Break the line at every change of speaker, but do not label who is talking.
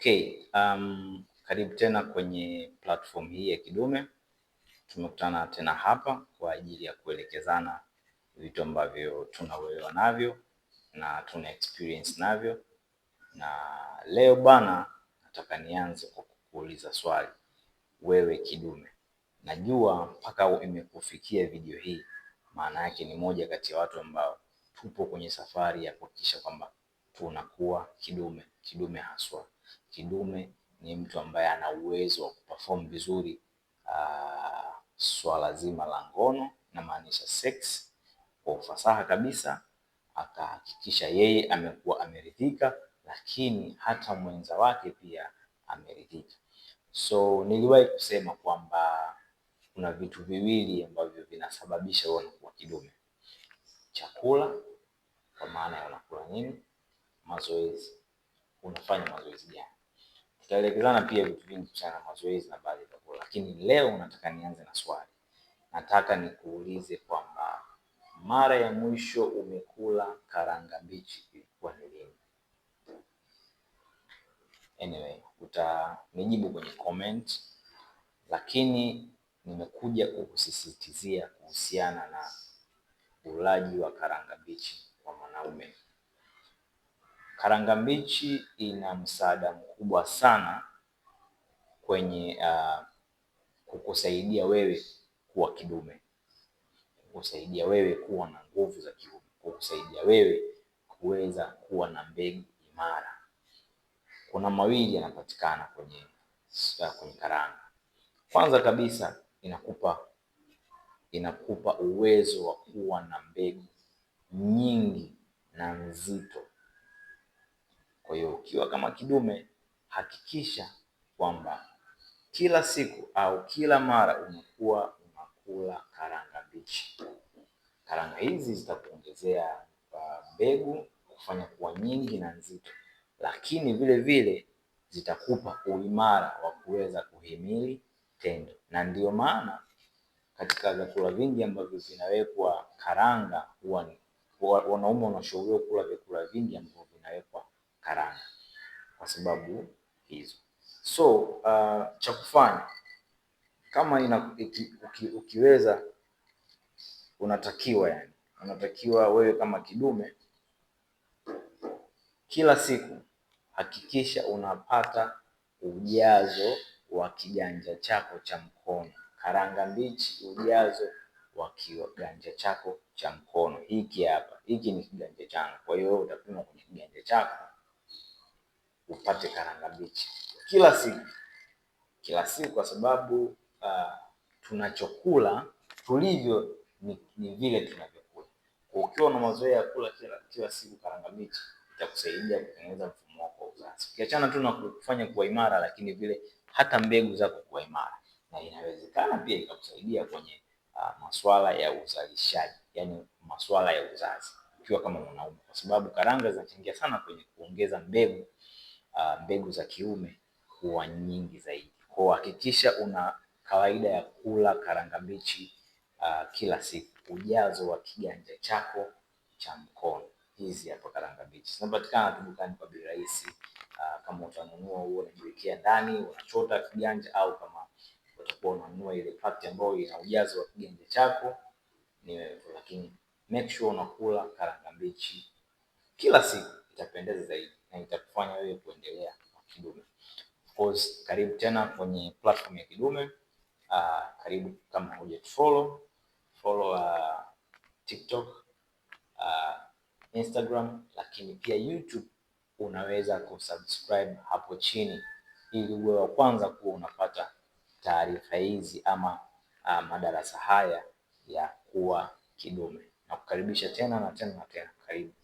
Okay, um, karibu tena kwenye platform hii ya Kidume. Tumekutana tena hapa kwa ajili ya kuelekezana vitu ambavyo tunauelewa navyo na tuna experience navyo, na leo bana, nataka nianze kwa kukuuliza swali. Wewe kidume, najua mpaka imekufikia video hii, maana yake ni moja kati ya watu ambao tupo kwenye safari ya kuhakikisha kwamba tunakuwa kidume, kidume haswa kidume ni mtu ambaye ana uwezo wa kuperform vizuri uh, swala zima la ngono na maanisha sex kwa ufasaha kabisa, akahakikisha yeye amekuwa ameridhika, lakini hata mwenza wake pia ameridhika. So niliwahi kusema kwamba kuna vitu viwili ambavyo vinasababisha unakuwa kidume: chakula, kwa maana ya unakula nini, mazoezi. Unafanya mazoezi gani? tutaelekezana pia vitu vingi sana, mazoezi na baadhi ya vyakula, lakini leo nataka nianze na swali. Nataka nikuulize kwamba mara ya mwisho umekula karanga mbichi ilikuwa ni lini? Anyway, utanijibu kwenye comment, lakini nimekuja kukusisitizia kuhusiana na ulaji wa karanga mbichi kwa mwanaume. Karanga mbichi ina msaada mkubwa sana kwenye uh, kukusaidia wewe kuwa kidume, kukusaidia wewe kuwa na nguvu za kiume, kukusaidia wewe kuweza kuwa na mbegu imara. Kuna mawili yanapatikana kwenye, ah, kwenye karanga. Kwanza kabisa inakupa inakupa uwezo wa kuwa na mbegu nyingi na nzito kwa hiyo ukiwa kama kidume, hakikisha kwamba kila siku au kila mara unakuwa unakula karanga mbichi. Karanga hizi zitakuongezea ah, mbegu, kufanya kuwa nyingi na nzito, lakini vile vile zitakupa uimara wa kuweza kuhimili tendo, na ndiyo maana katika vyakula vingi ambavyo vinawekwa karanga, huwa wanaume wanashauriwa kula vyakula vingi ambavyo vinawekwa karanga kwa sababu hizo. So uh, cha kufanya kama ina, iki, uki, ukiweza unatakiwa yani, unatakiwa wewe kama kidume kila siku hakikisha unapata ujazo wa kiganja chako cha mkono karanga mbichi, ujazo wa kiganja chako cha mkono. Hiki hapa, hiki ni kiganja changu. Kwa hiyo wewe utapima kwenye kiganja chako upate karanga mbichi kila siku, kila siku, kwa sababu uh, tunachokula tulivyo ni, ni vile tunavyokula. Ukiwa na mazoea ya kula kila, kila siku karanga mbichi itakusaidia kutengeneza mfumo wako wa uzazi, ukiachana tu na kufanya kuwa imara, lakini vile hata mbegu zako kuwa imara, na inawezekana pia ikakusaidia kwenye uh, ah, masuala ya uzalishaji, yani masuala ya uzazi ukiwa kama mwanaume, kwa sababu karanga zinachangia sana kwenye kuongeza mbegu uh, mbegu za kiume huwa nyingi zaidi. Kwa hakikisha una kawaida ya kula karanga mbichi uh, kila siku, ujazo wa kiganja chako cha mkono. Hizi hapa karanga mbichi zinapatikana tu dukani kwa bei rahisi. Uh, kama utanunua huo unajiwekea ndani, unachota kiganja, au kama utakuwa unanunua ile pakiti ambayo ina ujazo wa kiganja chako ni wewe, lakini make sure unakula karanga mbichi kila siku, itapendeza zaidi na itakufanya wewe kuendelea kwa kidume. Of course, karibu tena kwenye platform ya Kidume. Uh, karibu kama hujatufollow follow, uh, ah, TikTok, uh, Instagram, lakini pia YouTube unaweza kusubscribe hapo chini ili uwe wa kwanza kuwa unapata taarifa hizi ama uh, madarasa haya ya kuwa kidume. Nakukaribisha tena na tena na tena, karibu.